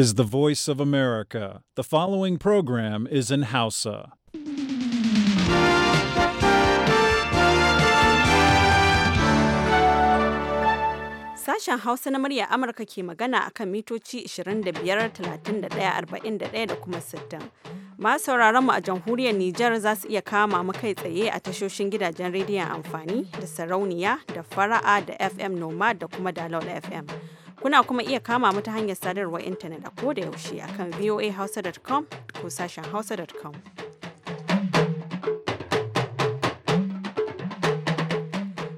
is the voice of America. The following program is in Hausa. Sashen Hausa na murya Amurka ke magana a kan mitoci 25, 31, 41 da kuma 60. Masu sauraron mu a jamhuriyar Nijar za su iya kama mu kai tsaye a tashoshin gidajen rediyon amfani da sarauniya da fara'a da FM Noma da kuma Dalol FM. Kuna kuma iya kama mu ta hanyar sadarwar intanet a koda yaushe akan voahausa.com ko sashen hausa.com.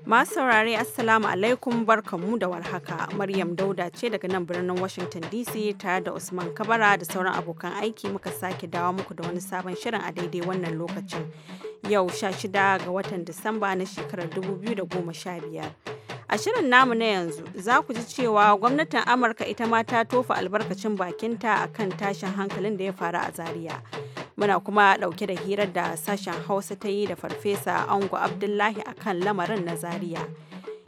Masu saurare Assalamu alaikum barkanmu da warhaka. Maryam Dauda ce daga nan birnin Washington DC tare da Usman Kabara da sauran abokan aiki muka sake dawo muku da wani sabon shirin a daidai wannan lokacin. Yau 16 ga watan Disamba na shekarar 2015. A shirin namu na yanzu za ku ji cewa gwamnatin Amurka ita ma ta tofa albarkacin bakinta a kan tashin hankalin da ya faru a Zaria. Muna kuma ɗauke da hirar da sashen Hausa ta yi da Farfesa Ango Abdullahi a kan lamarin na Zaria.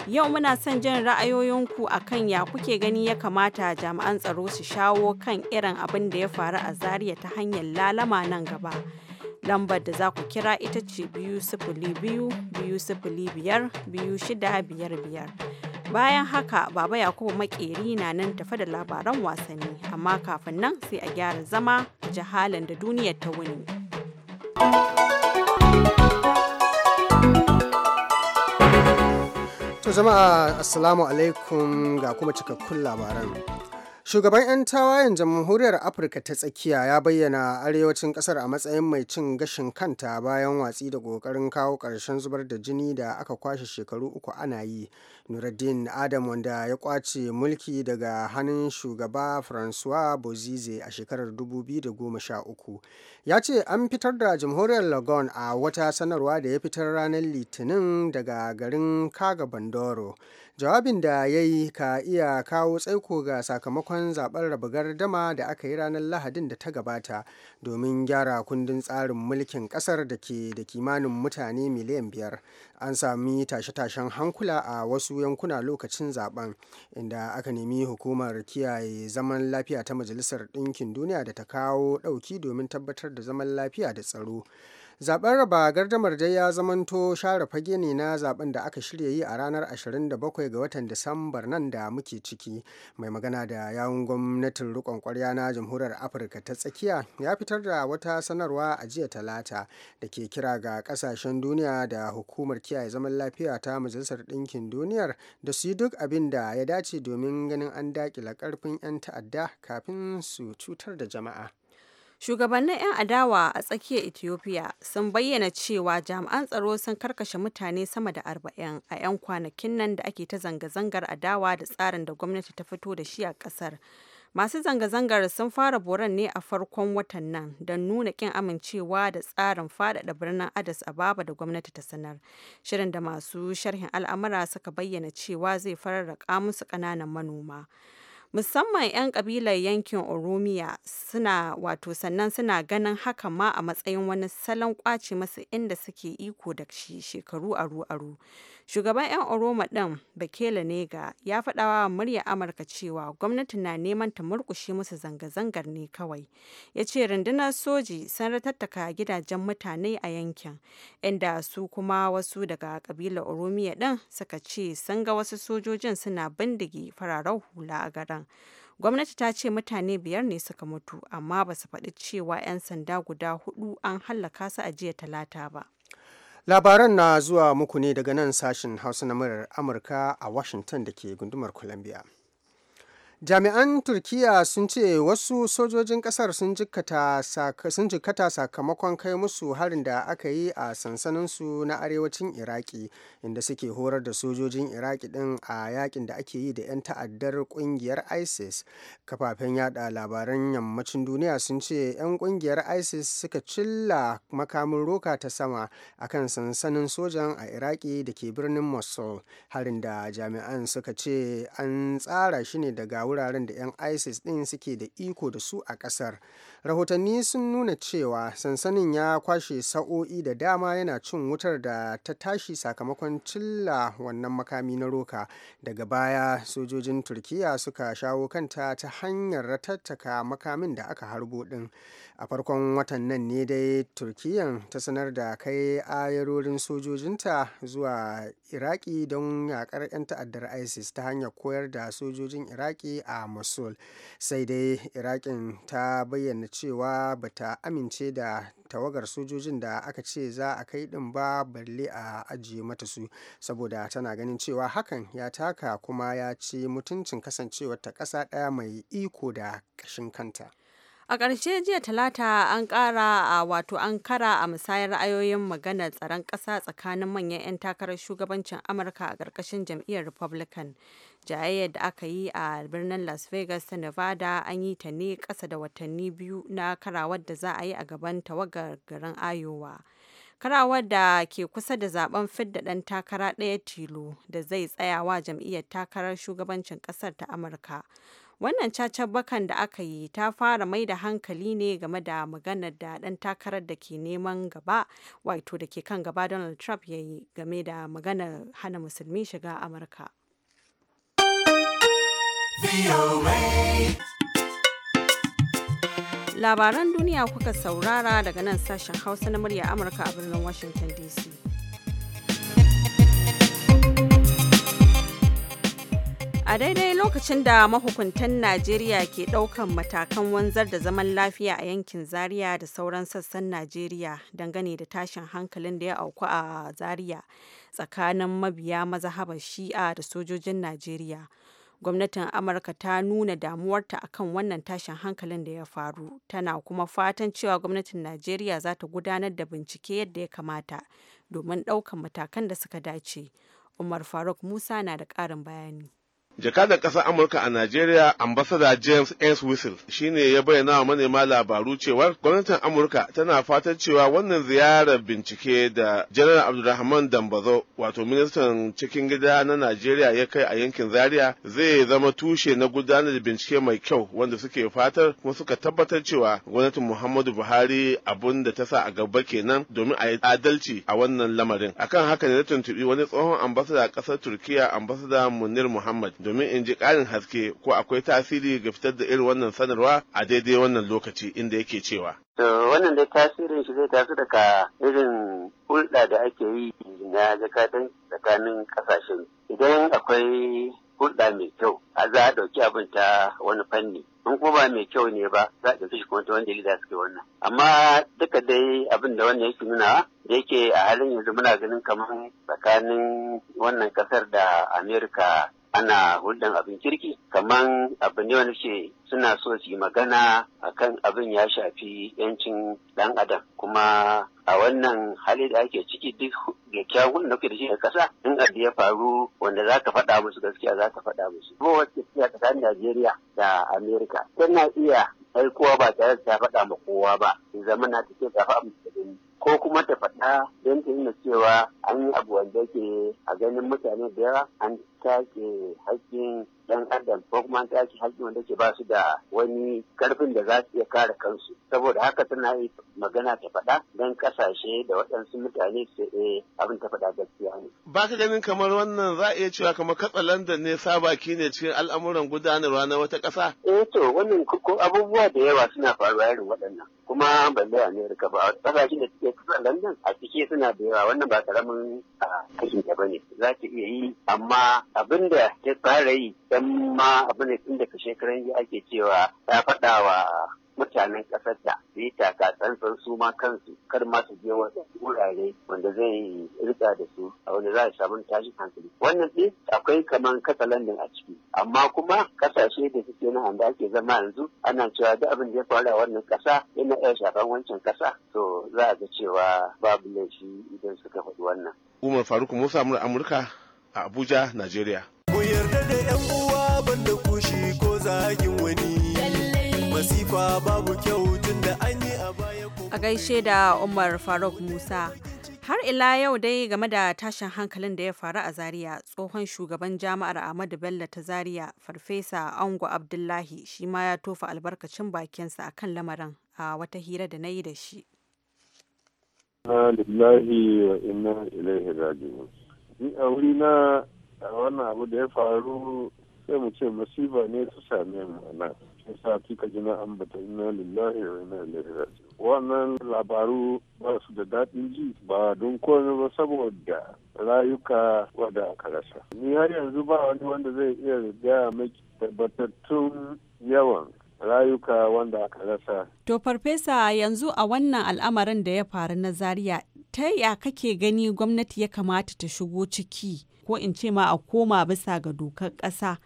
Yau muna son jin ra'ayoyinku a kan ya kuke gani ya kamata jami'an tsaro su shawo kan irin abin da ya faru a Zaria ta hanyar lalama nan gaba. lambar da za ku kira ita ce biyu sifili biyu biyu sifili biyar biyu shida biyar biyar bayan haka baba yakubu makeri na nan tafa da labaran wasanni amma kafin nan sai a gyara zama jihalin da duniyar ta wuni to jama'a assalamu alaikum ga kuma cikakkun labaran Shugaban 'yan tawayen jamhuriyar Afirka ta tsakiya ya bayyana arewacin kasar a matsayin mai cin gashin kanta bayan watsi da kokarin kawo ƙarshen zubar da jini da aka kwashe shekaru uku ana yi. Nuruddin Adam wanda ya kwace mulki daga hannun shugaba Francois Bozize a shekarar 2013 ya ce an fitar da jamhuriyar Lagon a wata sanarwa da ya fitar ranar Litinin daga garin Kaga Bandoro. jawabin da ya yi ka iya kawo tsaiko ga sakamakon zaben raba gardama da aka yi ranar lahadin da ta gabata domin gyara kundin tsarin mulkin kasar da ke da kimanin mutane miliyan biyar an sami tashe-tashen hankula a wasu yankuna lokacin zaben inda aka nemi hukumar kiyaye zaman lafiya ta majalisar ɗinkin duniya da ta kawo ɗauki domin tabbatar da zaman lafiya da tsaro zaben raba gardamar dai ya zamanto share fage ne na zaben da aka shirya yi a ranar 27 ga watan disambar nan da muke ciki mai magana da yawun gwamnatin rikon kwarya na jamhuriyar afirka ta tsakiya ya fitar da wata sanarwa a jiya talata da ke kira ga kasashen duniya da hukumar kiyaye zaman lafiya ta majalisar ɗinkin duniyar da su yi duk abin da ya dace domin ganin an dakile karfin 'yan ta'adda kafin su cutar da jama'a. Shugabannin 'yan adawa a tsakiyar Ethiopia sun bayyana cewa jami'an tsaro sun karkashe mutane sama da arba'in a 'yan kwanakin nan da ake ta zanga-zangar adawa da tsarin da gwamnati ta fito da shi a ƙasar Masu zanga-zangar sun fara boran ne a farkon watan nan don nuna kin amincewa da tsarin faɗaɗa birnin Addis Ababa da gwamnati ta sanar. Shirin da masu sharhin al'amura suka bayyana cewa zai da musu ƙananan manoma. musamman 'yan kabilar yankin Oromiya suna wato sannan suna ganin haka ma a matsayin wani salon kwace masu inda suke iko da shi shekaru aru-aru. Shugaban 'yan Oroma ɗin Bekele Nega ya faɗawa wa murya Amurka cewa gwamnati na neman ta murkushe musu zanga-zangar ne kawai. Ya ce rundunar soji sun ratattaka gidajen mutane a yankin inda su kuma wasu daga kabilar Oromiya ɗin suka ce sun ga wasu sojojin suna bindige fararen hula a garin. Gwamnati ta ce mutane biyar ne suka mutu, amma ba su faɗi cewa 'yan sanda guda hudu an hallaka su a jiya talata ba. Labaran na zuwa muku ne daga nan sashen Hausa na murar Amurka a Washington da ke gundumar Columbia. jami'an turkiya sun ce wasu sojojin kasar sun jikkata sakamakon kai musu harin da aka yi a sansaninsu na arewacin iraki inda suke horar da sojojin iraki din a yakin da ake yi da 'yan ta'addar kungiyar isis kafafen yada labaran yammacin duniya sun ce 'yan kungiyar isis suka cilla makamin roka ta sama akan sansanin sojan a iraki da ke birnin mosul harin da jami'an suka ce an tsara shi ne daga a wuraren da 'yan isis ɗin suke da iko da su a ƙasar rahotanni sun nuna cewa sansanin ya kwashe sa'o'i da dama yana cin wutar da ta tashi sakamakon cilla wannan makami na roka daga baya sojojin turkiya suka shawo kanta ta hanyar ratattaka makamin da aka harbo ɗin a farkon watan nan ne dai turkiyan ta sanar da kai ayarorin sojojinta zuwa iraki don yakar 'yan ta'addar isis ta hanyar koyar da sojojin iraki a mosul sai dai irakin ta bayyana cewa bata amince da tawagar sojojin da aka ce za a kai din ba balle a ajiye mata su saboda tana ganin cewa hakan ya taka kuma ya ci mutuncin kasancewar ta ƙasa ɗaya mai iko da ƙashin kanta. a ƙarshe jiya talata an ƙara a wato an kara a musayar ra'ayoyin maganar tsaron ƙasa tsakanin manyan 'yan takarar shugabancin amurka a ƙarƙashin jam'iyyar republican jayayyar da aka yi a birnin las vegas ta nevada an yi ta ne ƙasa da watanni biyu na karawar da za a yi a gaban tawagar garin ayowa karawar da ke kusa da zaben fidda ɗan takara ɗaya tilo da zai tsayawa jam'iyyar takarar shugabancin ƙasar ta amurka Wannan cacar bakan da aka yi ta fara mai da hankali ne game da maganar da dan takarar da ke neman gaba wato da ke kan gaba Donald Trump ya yi game da maganar hana musulmi shiga Amurka. Labaran duniya kuka saurara daga nan sashen Hausa na murya Amurka a birnin Washington DC. a daidai lokacin da mahukuntan najeriya ke ɗaukan matakan wanzar da zaman lafiya a yankin zaria da sauran sassan najeriya dangane da tashin hankalin da ya auku a zaria tsakanin mabiya haba shi'a da sojojin najeriya gwamnatin amurka ta nuna damuwarta akan wannan tashin hankalin da ya faru tana kuma fatan cewa gwamnatin najeriya za ta gudanar da bincike yadda ya kamata domin ɗaukan matakan da suka dace umar faruk musa na da ƙarin bayani jakadar ƙasar Amurka a Najeriya, ambasada James S. Whistle, shi ya bayyana wa manema labaru cewar gwamnatin Amurka tana fatan cewa wannan ziyarar bincike da general Abdulrahman Dambazo, wato ministan cikin gida na Najeriya ya kai a yankin Zaria, zai zama tushe na gudanar da bincike mai kyau wanda suke fatar kuma suka tabbatar cewa gwamnatin Muhammadu Buhari abun da ta sa a gaba kenan domin a yi adalci a wannan lamarin. Akan haka ne na tuntuɓi wani tsohon ambasada ƙasar Turkiya, ambasada Munir Muhammad. domin in ji karin haske ko akwai tasiri ga fitar da irin wannan sanarwa a daidai wannan lokaci inda yake cewa. To wannan dai tasirin shi zai tasu daga irin hulɗa da ake yi na jakadan tsakanin ƙasashen. Idan akwai hulɗa mai kyau a za a ɗauki abin ta wani fanni in kuma ba mai kyau ne ba za a ɗauki shi kuma ta wanda ya suke wannan amma duka dai abin da wannan yake nuna da yake a halin yanzu muna ganin kamar tsakanin wannan ƙasar da amerika ana hulɗan abin kirki kamar abu ne wanda ce suna so su yi magana akan abin ya shafi yancin ɗan adam kuma a wannan hali da ake ciki duk da kyawun da da shi a ƙasa in abu ya faru wanda za ka faɗa musu gaskiya za ka faɗa musu. Ko wacce ta tsakanin Najeriya da Amerika tana iya aikowa ba tare da ta faɗa ma kowa ba zama na take ta faɗa musu ko kuma ta faɗa don ta nuna cewa an yi abu wanda yake a ganin mutane da yawa an take haƙƙin dan adam ko kuma take haƙƙin wanda ke ba su da wani karfin da za su iya kare kansu saboda haka tana yi magana ta faɗa don kasashe da waɗansu mutane su eh abin ta faɗa gaskiya ne. Ba ka ganin kamar wannan za a iya cewa kamar landan ne sabaki ne cikin al'amuran gudanarwa na wata ƙasa? Eh to wannan ko abubuwa da yawa suna faruwa irin waɗannan kuma balle Amerika ba ƙasashen da suke landan a cike suna da yawa wannan ba karamin ah, kashin ta bane za ta iya yi amma abin da ya fara yi don ma abin da tun daga shekaran yi ake cewa ya faɗa wa mutanen ƙasar da su yi taka tsantsan su ma kansu kar ma su je wasu wurare wanda zai rika da su a wani za a samu tashi hankali wannan ɗin akwai kaman kasa landin a ciki amma kuma ƙasashe da suke na handa ake zama yanzu ana cewa duk abin da ya faru a wannan ƙasa yana iya shafan wancan ƙasa to za a ga cewa babu laifi idan suka faɗi wannan. Umar Faruk Musa Amurka a Abuja, Najeriya. Ku yarda da 'yan uwa banda kushi ko zagin wani. Masifa babu kyau tun da an yi a baya A gaishe da Umar Faruk Musa. Har ila yau dai game da tashin hankalin da ya faru a Zaria, tsohon shugaban jami'ar Ahmadu Bello ta Zaria, Farfesa Ango Abdullahi, shi ma ya tofa albarkacin bakinsa a kan lamarin a wata hira da na yi da shi. Alhamdulillahi wa inna ilaihi raji'un. ni a wuri na wannan abu da ya faru sai mu ce masiba ne ta same mu na, shi sa kika jina an bata ina lillahi wa inna ilaihi raji'un wannan labaru ba su da daɗin ji ba don kone ba saboda rayuka wadda aka rasa ni har yanzu ba wani wanda zai iya gaya miki tabbatattun yawan rayuka wanda aka rasa. To farfesa yanzu a wannan al'amarin da ya faru na Zaria ta ya kake gani gwamnati ya kamata ta shigo ciki ko in ce ma a koma bisa ga dokar ƙasa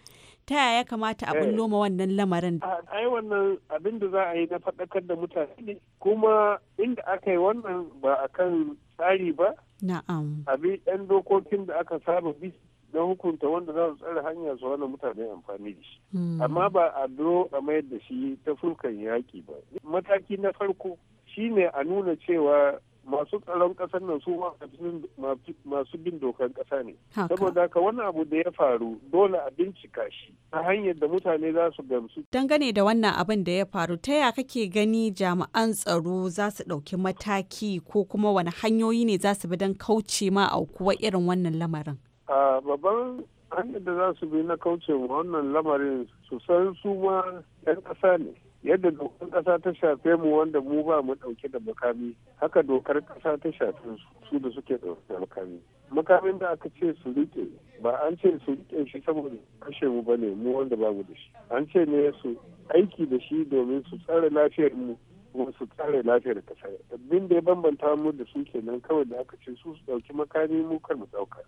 ta ya kamata a bullo wannan lamarin eh, ai wannan abin da za a yi na faɗakar da mutane kuma inda aka yi wannan ba a kan tsari ba na'am abin ɗan dokokin da aka saba bi na hukunta wanda za su tsare hanya su hana mutane amfani da shi hmm. amma ba a duro a mayar da shi ta fulkan yaƙi ba mataki na farko shine a nuna cewa masu tsaron ƙasar nan su masu bin dokan ƙasa ne. Saboda haka wani abu da ya faru dole a bincika shi ta hanyar da mutane za su gamsu. Dangane da wannan abin da ya faru ta ya kake gani jami'an tsaro za su ɗauki mataki ko kuma wani hanyoyi ne za su bi don kauce ma aukuwa irin wannan lamarin? Babban hanyar da za su bi na kauce wannan lamarin su san su ma 'yan ƙasa ne. yadda dokar kasa ta shafe mu wanda mu ba mu dauke da makami haka dokar kasa ta shafe su da suke dauke da makami makamin da aka ce su rike ba an ce su rike shi saboda kashe mu bane mu wanda ba mu da shi an ce ne su aiki da shi domin su tsare lafiyar mu kuma su tsare lafiyar kasa abin da ya bambanta mu da su kenan kawai da aka ce su su dauki makami mu kar mu dauka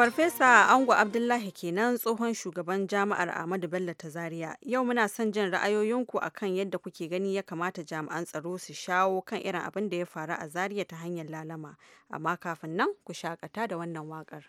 Farfesa Ango Abdullahi kenan tsohon shugaban jami'ar Ahmadu Bello ta Zaria. Yau muna son jin ra'ayoyinku akan yadda kuke gani ya kamata jami'an tsaro su shawo kan irin abin da ya faru a Zaria ta hanyar lalama. Amma kafin nan ku shakata da wannan waƙar.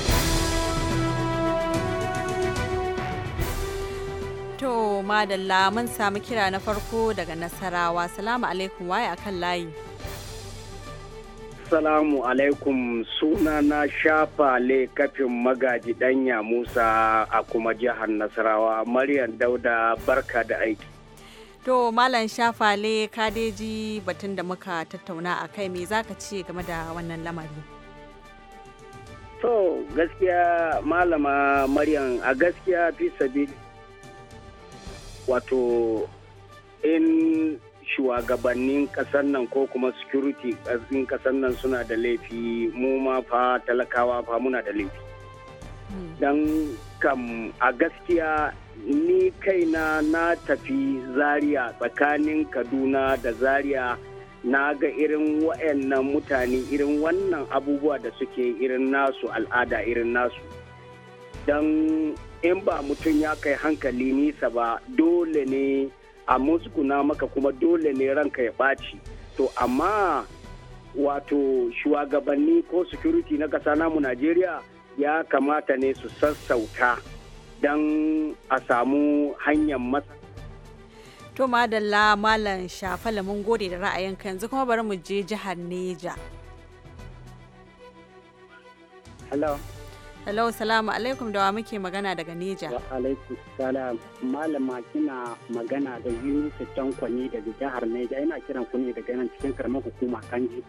To madalla mun samu kira na farko daga Nasarawa. Salamu alaikum waye a kan layi. Salamu alaikum suna na shafa le kafin magaji danya Musa a kuma jihar Nasarawa. Maryam Dauda barka da aiki. To Malam Shafale kadeji batun da muka tattauna a kai me zaka ce game da wannan lamari? To gaskiya Malama Maryam a gaskiya fi sabi wato in shugabannin kasar nan ko kuma security in kasar nan suna da laifi mu ma fa talakawa fa muna da laifi hmm. dan kam a gaskiya ni kaina na tafi zaria tsakanin kaduna da zaria na ga irin wa'annan mutane irin wannan abubuwa da suke irin nasu al'ada irin nasu don in ba mutum ya kai hankali nisa ba dole ne a muskuna maka kuma dole ne ranka ya ɓaci to amma wato shugabanni ko security na ƙasa namu najeriya ya kamata ne su sassauta don a samu hanyar masa to madalla malam shafala mun gode da ra'ayinka yanzu kuma bari mu je jihar neja Hello, salamu alaikum da wa muke magana daga Neja. Wa alaikum salam. Malama kina magana da Yunusa tankwani da daga jihar Neja. Ina kiran ku ne daga cikin karamar hukuma Kanji.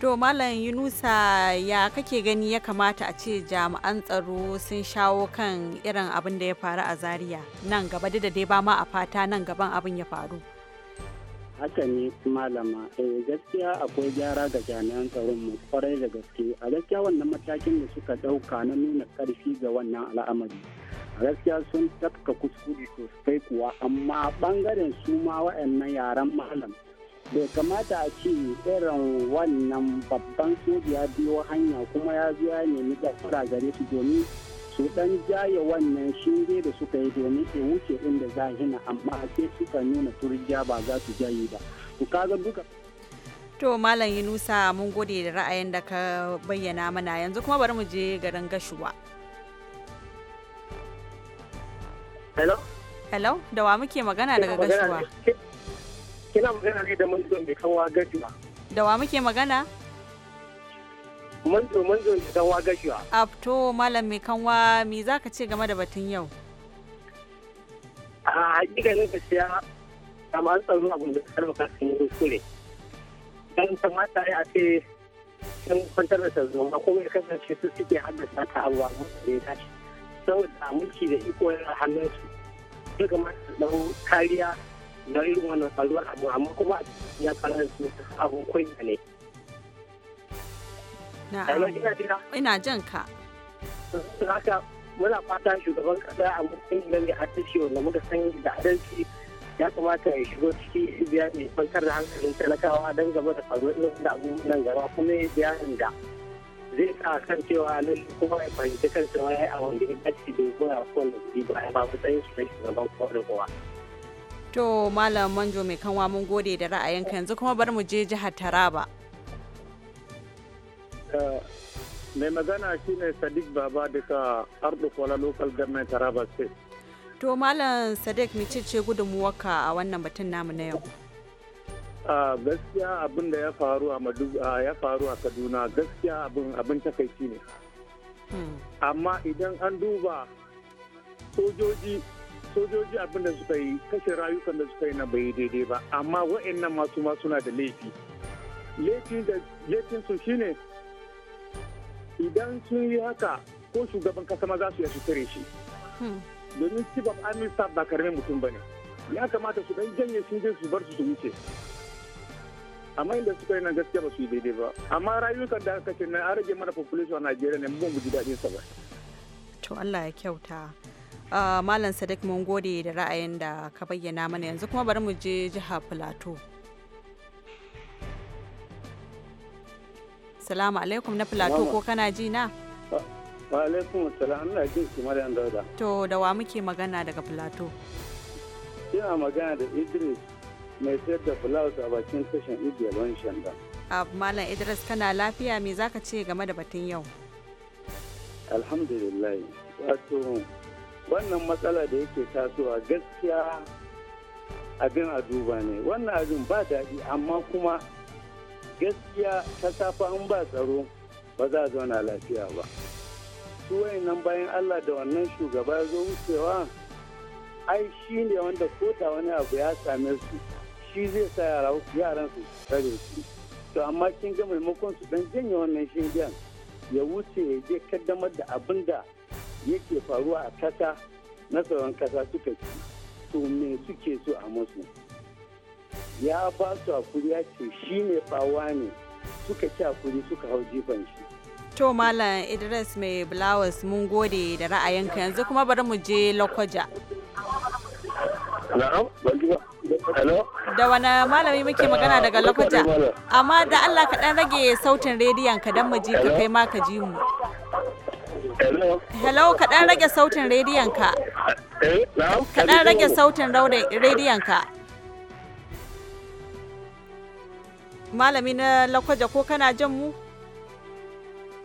To Malam Yunusa ya kake gani ya kamata a ce jami'an tsaro sun shawo kan irin abin da ya faru a Zaria nan gaba da dai ba ma a fata nan gaban abin ya faru. haka ne malama eh gaskiya akwai gyara ga jami'an tsaron mu kwarai da gaske a gaskiya wannan matakin da suka ɗauka na nuna karfi ga wannan al'amari a gaskiya sun tafka kuskure sosai kuwa amma bangaren su ma wa'annan yaran malam bai kamata a ce irin wannan babban soja biyo hanya kuma ya zuya ya nemi gafara gare su domin su dan jaya wannan shinge da suka yi domin ya wuce inda za hina amma sai suka nuna turjiya ba za su jaye ba to kaga duka to malam yunusa mun gode da ra'ayin da ka bayyana mana yanzu kuma bari mu je garin gashuwa hello hello da wa muke magana daga gashuwa kina magana ne da mai kawo gashuwa da wa muke magana manjo manjo ne kanwa gashiwa afto malam mai kanwa me zaka ce game da batun yau a siya da jami'an tsaro abin da suka dauka sun yi kuskure dan mata ya ce sun kwantar da ma kuma ya kasance su suke haddasa ta abuwa da ya tashi saboda mulki da iko yana hannun su ga su dau kariya da irin wannan faruwar abu amma kuma ya su abun kunya ne Ina jan ka. Haka muna fata shugaban kasa a matsayin mai da shi wanda muka san da adalci ya kamata ya shigo ciki biya mai kwantar da hankalin talakawa don gaba da faruwar da abubuwan gaba kuma ya biya da zai sa kan cewa nan kuma ya fahimci kan cewa ya yi a wanda ya dace da kuma kowane guri ba ya ba tsayin su na shugaban kowane kowa. To Malam Manjo mai kanwa mun gode da ra'ayinka yanzu kuma bari mu je jihar Taraba. Eh, mai magana shine sadiq baba daga ardu kwala local government taraba state to malam sadiq micece gudunmuwarka a wannan batun namu na yau a ah, gaskiya abin da ya faru a ya faru a kaduna gaskiya abin takaici ne hmm. amma idan an duba sojoji sojoji abin da suka yi kashe rayukan da suka yi na bai daidai ba amma wa'annan masu masu suna da laifi laifin su shine idan sun yi haka ko shugaban kasa ma za su yashi tare shi hmm. domin chief of army staff ba karamin mutum ba ne ya kamata su dan janye sun je su bar su su wuce amma inda suka yi nan gaskiya ba su yi daidai ba amma rayukan da aka ce na a rage mana population a najeriya ne mun ji daɗin sa ba to allah ya kyauta ah, malam sadiq mun gode da ra'ayin da ka bayyana mana yanzu kuma bari mu je jihar plateau Salamu alaikum na Filato ko kana ji na? Wa alaikum salam ina jin ki Maryam Dauda. To da wa muke magana daga Filato? Ina magana da Idris mai sayar da blouse a bakin tashin Idiyar Wanshan shanda. Abu Malam Idris kana lafiya me zaka ce game da batun yau? Alhamdulillah. Wato wannan matsala da yake tasowa gaskiya abin a duba ne wannan abin ba daɗi amma kuma gaskiya ta safa an ba tsaro ba za a zauna lafiya ba su nan bayan allah da wannan shugaba zo wucewa ai shi ne wanda kota wani abu ya same su shi zai sa yaran su tare su to amma kin ga maimakon su dan janye wannan shingen ya wuce ya je kaddamar da abin da yake faruwa a kasa na tsaron kasa suka ci to me suke so a musu ya ba su hakuri ya ce shi ne bawa ne suka ci hakuri suka hau jifan shi to malam idris mai Blawas mun gode da ra'ayinka yanzu kuma bari mu je Lokoja. da wani malami muke magana daga Lokoja? amma da allah ka dan rage sautin rediyon ka dan mu ji ka kai ma ka ji mu hello ka dan rage sautin rediyon ka eh, ka dan rage sautin rediyon ka malami na lakwaja ko kana jan mu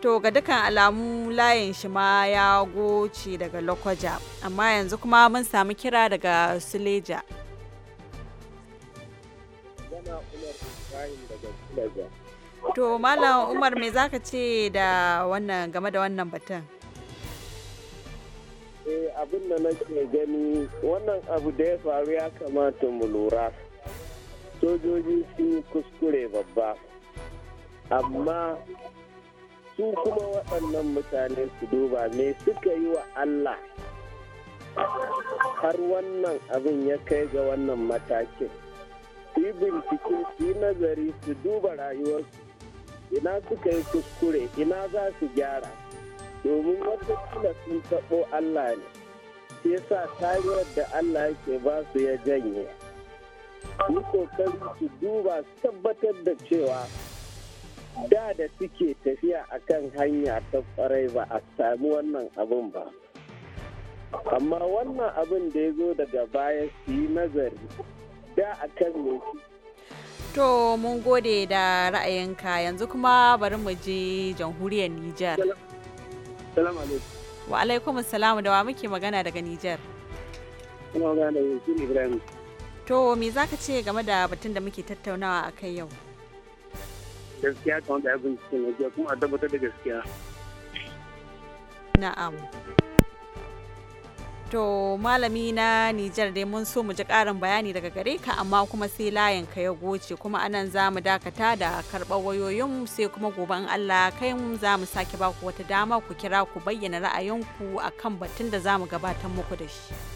to ga dukan alamu layin shi ma ya goce daga lakwaja amma yanzu kuma mun samu kira daga suleja to malam umar me zaka ce da wannan game da wannan batun eh abin da nake gani wannan abu da ya faru ya kamata mu lura sojoji sun yi kuskure babba amma su kuma waɗannan mutane su duba me suka yi wa Allah har wannan abin ya kai ga wannan matakin su yi bincike su yi nazari su duba rayuwarsu ina suka yi kuskure ina za su gyara domin wata sun taɓo Allah ne yasa sa tariyar da Allah yake ba su ya janye. yi su duba tabbatar da cewa da da suke tafiya a kan hanya ta kwarai ba a sami wannan abin ba amma wannan abin da ya zo daga baya su yi nazari da kan ne To mun gode da ra'ayinka yanzu kuma bari mu je jamhuriyar Nijar. alaikum. Wa alaikum da wa muke magana daga Nijar. magana da Ibrahim. To me za ka ce game da batun da muke tattaunawa a kai yau? Gaskiya kan wanda abin cikin gaskiya kuma a tabbatar da gaskiya. Na'am. To malami na Nijar dai mun so mu ji ƙarin bayani daga gare ka amma kuma sai layin ka ya goce kuma anan za mu dakata da karɓar wayoyin sai kuma gobe in Allah kai mu za mu sake baku wata dama ku kira ku bayyana ra'ayinku akan batun da za mu gabatar muku da shi.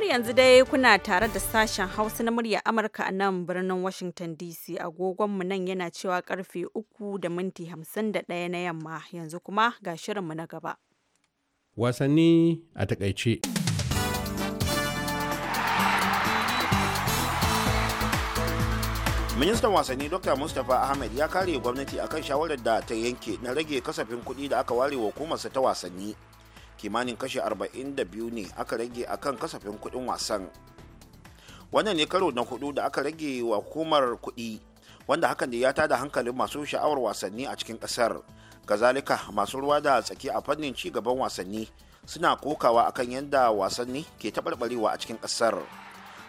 Har yanzu dai kuna tare da sashen Hausa na murya Amurka a nan birnin Washington DC agogonmu nan yana cewa karfe uku da minti hamsin na yamma yanzu kuma ga shirinmu na gaba. Wasanni a takaice. ministan wasanni dr mustapha ahmed ya kare gwamnati akan shawarar da ta yanke na rage kasafin kuɗi da aka ware wa hukumarsa ta wasanni kimanin kashi 42 ne aka rage a kan kasafin kudin wasan wannan ne karo na hudu da aka rage wa hukumar kudi wanda hakan da ya tada hankalin masu sha'awar wasanni a cikin kasar kazalika masu ruwa da tsaki a fannin ci gaban wasanni suna kokawa akan yadda wasanni ke taɓarɓarewa a cikin kasar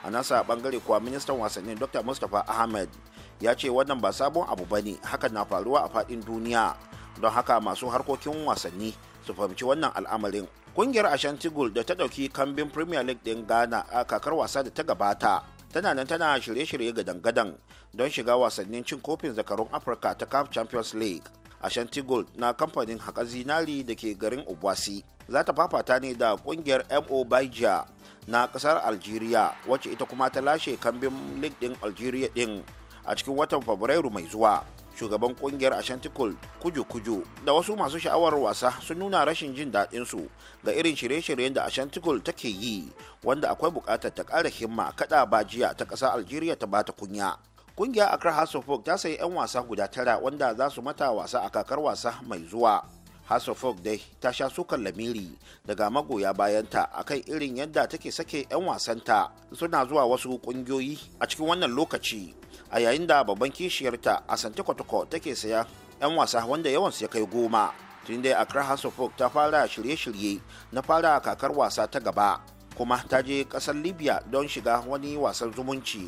a nasa bangare kuwa ministan wasannin dr mustapha ahmed ya ce wannan ba sabon abu ba ne hakan na faruwa a faɗin duniya don haka masu harkokin wasanni su fahimci wannan al'amarin kungiyar ashanti gold da ta dauki kambin premier league din ghana a kakar wasa da ta gabata tana nan tana shirye-shirye ga dangadan don shiga wasannin cin kofin zakarun afirka ta cup champions league ashanti gold na kamfanin haƙa zinari da ke garin obwasi za ta fafata ne da kungiyar mo baija na ƙasar algeria wacce ita kuma ta lashe kambin league din algeria din a cikin watan fabrairu mai zuwa shugaban kungiyar ashantikul kuju kuju da wasu masu sha'awar wasa sun nuna rashin jin daɗin su ga irin shirye-shiryen da ashantikul take yi wanda akwai buƙatar ta ƙara himma kaɗa jiya ta ƙasa algeria ta bata kunya kungiyar accra house of ta sayi 'yan wasa guda tara wanda za su mata wasa a kakar wasa mai zuwa house of dai ta sha sukan lamiri daga magoya bayanta akan irin yadda take sake 'yan wasanta suna zuwa wasu kungiyoyi a cikin wannan lokaci a yayin da babban kishiyarta a santi kwatakwa take saya 'yan wasa wanda yawansu ya kai goma tun dai a house of ta fara shirye-shirye na fara kakar wasa ta gaba kuma ta je kasar libya don shiga wani wasan zumunci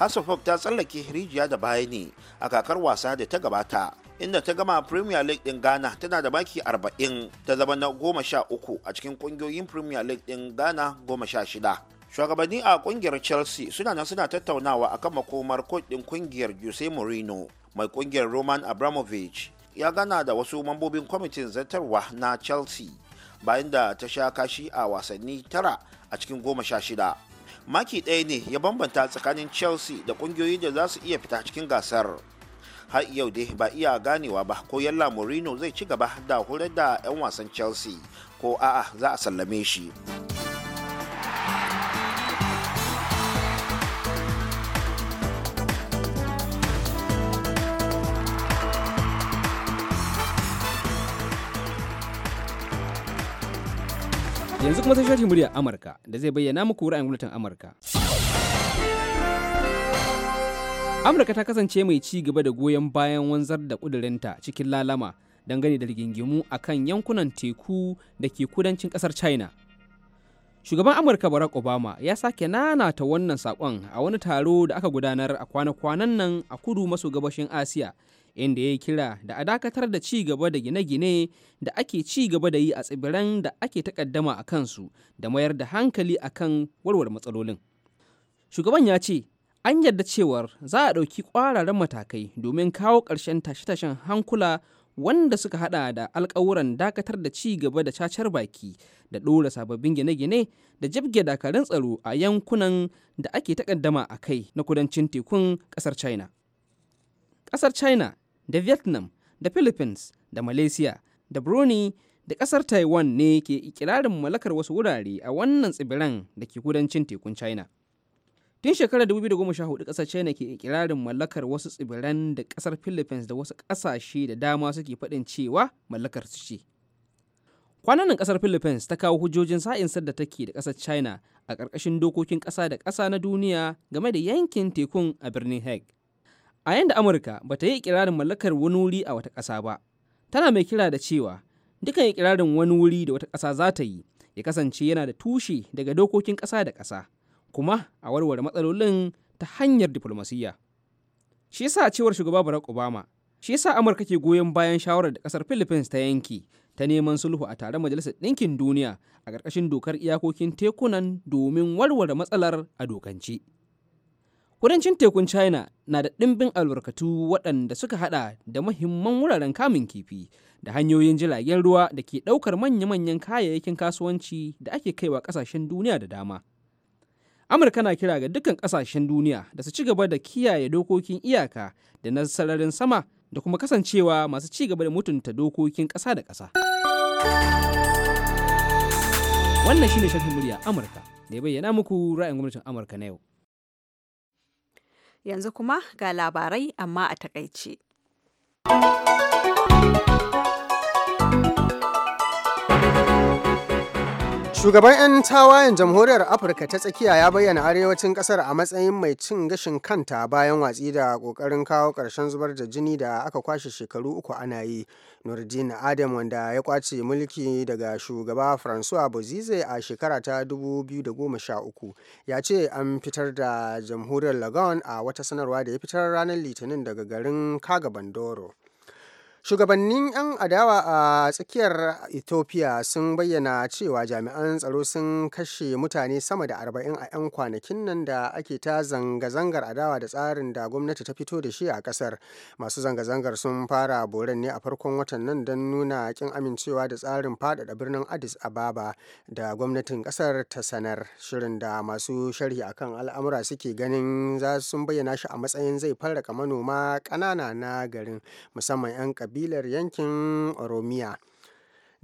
hasselhoff ta tsallake rijiya da baya ne a kakar wasa da ta gabata inda ta gama premier league din ghana tana da baki 40 ta zama na 13 a cikin kungiyoyin premier league din ghana 16 shugabanni a kungiyar chelsea suna nan suna tattaunawa akan makomar kudin kungiyar jose mourinho mai kungiyar roman abramovich ya gana da wasu mambobin kwamitin zartarwa na chelsea bayan da ta sha kashi a wasanni tara a cikin goma sha shida maki ɗaya ne ya bambanta tsakanin chelsea da kungiyoyi da za su iya fita cikin gasar har yau dai ba iya ganewa ba ko yalla mourinho zai ci gaba da horar da 'yan wasan chelsea ko a'a za a sallame shi. Yanzu kuma sai shafin muryar Amurka da zai bayyana muku ra'ayin gwamnatin Amurka. Amurka ta kasance mai ci gaba da goyon bayan wanzar da kudurinta cikin lalama dangane da rigingimu a kan yankunan teku da ke kudancin kasar China. Shugaban Amurka Barack Obama ya sake nanata wannan saƙon a wani taro da aka gudanar a kwana-kwanan nan a kudu maso gabashin Asiya inda ya yi kira da a dakatar da ci gaba da gine-gine da ake ci gaba da yi a tsibiran da ake takaddama a kansu da mayar da hankali a kan warware matsalolin shugaban ya ce an yarda cewar za a ɗauki ƙwararren matakai domin kawo ƙarshen tashe-tashen hankula wanda suka haɗa da alƙawuran dakatar da ci gaba da cacar baki da ɗora sababbin gine-gine da jibge dakarun tsaro a yankunan da ake takaddama a kai na kudancin tekun ƙasar china ƙasar china da vietnam da philippines da malaysia da brunei da ƙasar taiwan ne ke ikirarin mallakar wasu wurare a wannan tsibiran da ke kudancin tekun china tun shekarar 2014 ƙasar china ke ikirarin mallakar wasu tsibiran da ƙasar philippines da wasu ƙasashe da dama suke faɗin cewa mallakar su ce kwanan ƙasar philippines ta kawo hujjojin sa'in da take da ƙasar china a ƙarƙashin dokokin ƙasa da ƙasa na duniya game da yankin tekun a birnin hague a yanda amurka ba ta yi ikirarin mallakar wani wuri a wata ƙasa ba tana mai kira da cewa dukan ikirarin wani wuri da wata ƙasa za ta yi ya kasance yana da tushe daga dokokin ƙasa da ƙasa kuma a warware matsalolin ta hanyar diflomasiyya shi yasa a cewar shugaba barack obama shi yasa amurka ke goyon bayan shawarar da ƙasar philippines ta yanke ta neman sulhu a taron majalisar ɗinkin duniya a ƙarƙashin dokar iyakokin tekunan domin warware matsalar a dokance. Kudancin tekun China na da ɗimbin albarkatu waɗanda suka haɗa da mahimman wuraren kamun kifi da hanyoyin jiragen ruwa da ke ɗaukar manya-manyan kayayyakin kasuwanci da ake kaiwa ƙasashen duniya da dama. Amurka na kira ga dukkan ƙasashen duniya da su ci gaba da kiyaye dokokin iyaka da na sararin sama da kuma kasancewa masu ci gaba da mutunta dokokin ƙasa da ƙasa. Wannan shine shafin murya Amurka da ya bayyana muku ra'ayin gwamnatin Amurka na yau. Yanzu kuma ga labarai amma a takaice. Shugaban 'yan tawayen jamhuriyar Afirka ta tsakiya ya bayyana arewacin kasar a matsayin mai cin gashin kanta bayan watsi da kokarin kawo ƙarshen zubar da jini da aka kwashe shekaru uku ana yi. Nurdin Adam wanda ya kwace mulki daga shugaba Francois Bozize a shekara ta 2013 ya ce an fitar da jamhuriyar Lagon a wata sanarwa da ya fitar ranar Litinin daga garin Kaga Bandoro. Shugabannin 'yan adawa a tsakiyar Ethiopia sun bayyana cewa jami'an tsaro sun kashe mutane sama da 40 a 'yan kwanakin nan da ake ta zanga-zangar adawa da tsarin da gwamnati ta fito da shi a kasar. Masu zanga-zangar sun fara boran ne a farkon watan nan don nuna kin amincewa da tsarin faɗaɗa birnin Addis Ababa da gwamnatin kasar ta sanar. Shirin da masu sharhi akan al'amura suke ganin za sun bayyana shi a matsayin zai farraka manoma ƙanana na garin musamman 'yan ƙabilar kabilar yankin Oromiya.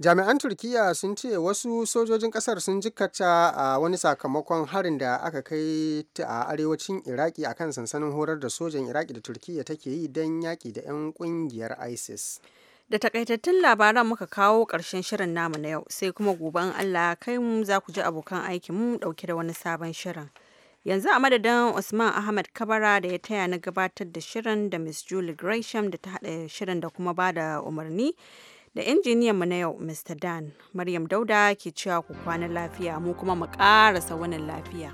Jami'an Turkiyya sun ce wasu sojojin kasar sun jikkata a wani sakamakon harin da aka kai a arewacin Iraki akan sansanin horar da sojan Iraki da Turkiyya take yi don yaki da 'yan ƙungiyar ISIS. Da takaitattun labaran muka kawo ƙarshen shirin namu na yau sai kuma gobe Allah kai mu za ku ji abokan aikin mu ɗauke da wani sabon shirin. Yanzu a madadin Usman Ahmad Kabara da ya taya na gabatar da shirin da Miss Julie Gresham da ta haɗa shirin da kuma ba da umarni da injiniyan mu na yau Mr. Dan. Maryam Dauda ke cewa ku kwana lafiya mu kuma mu ƙarasa wani lafiya.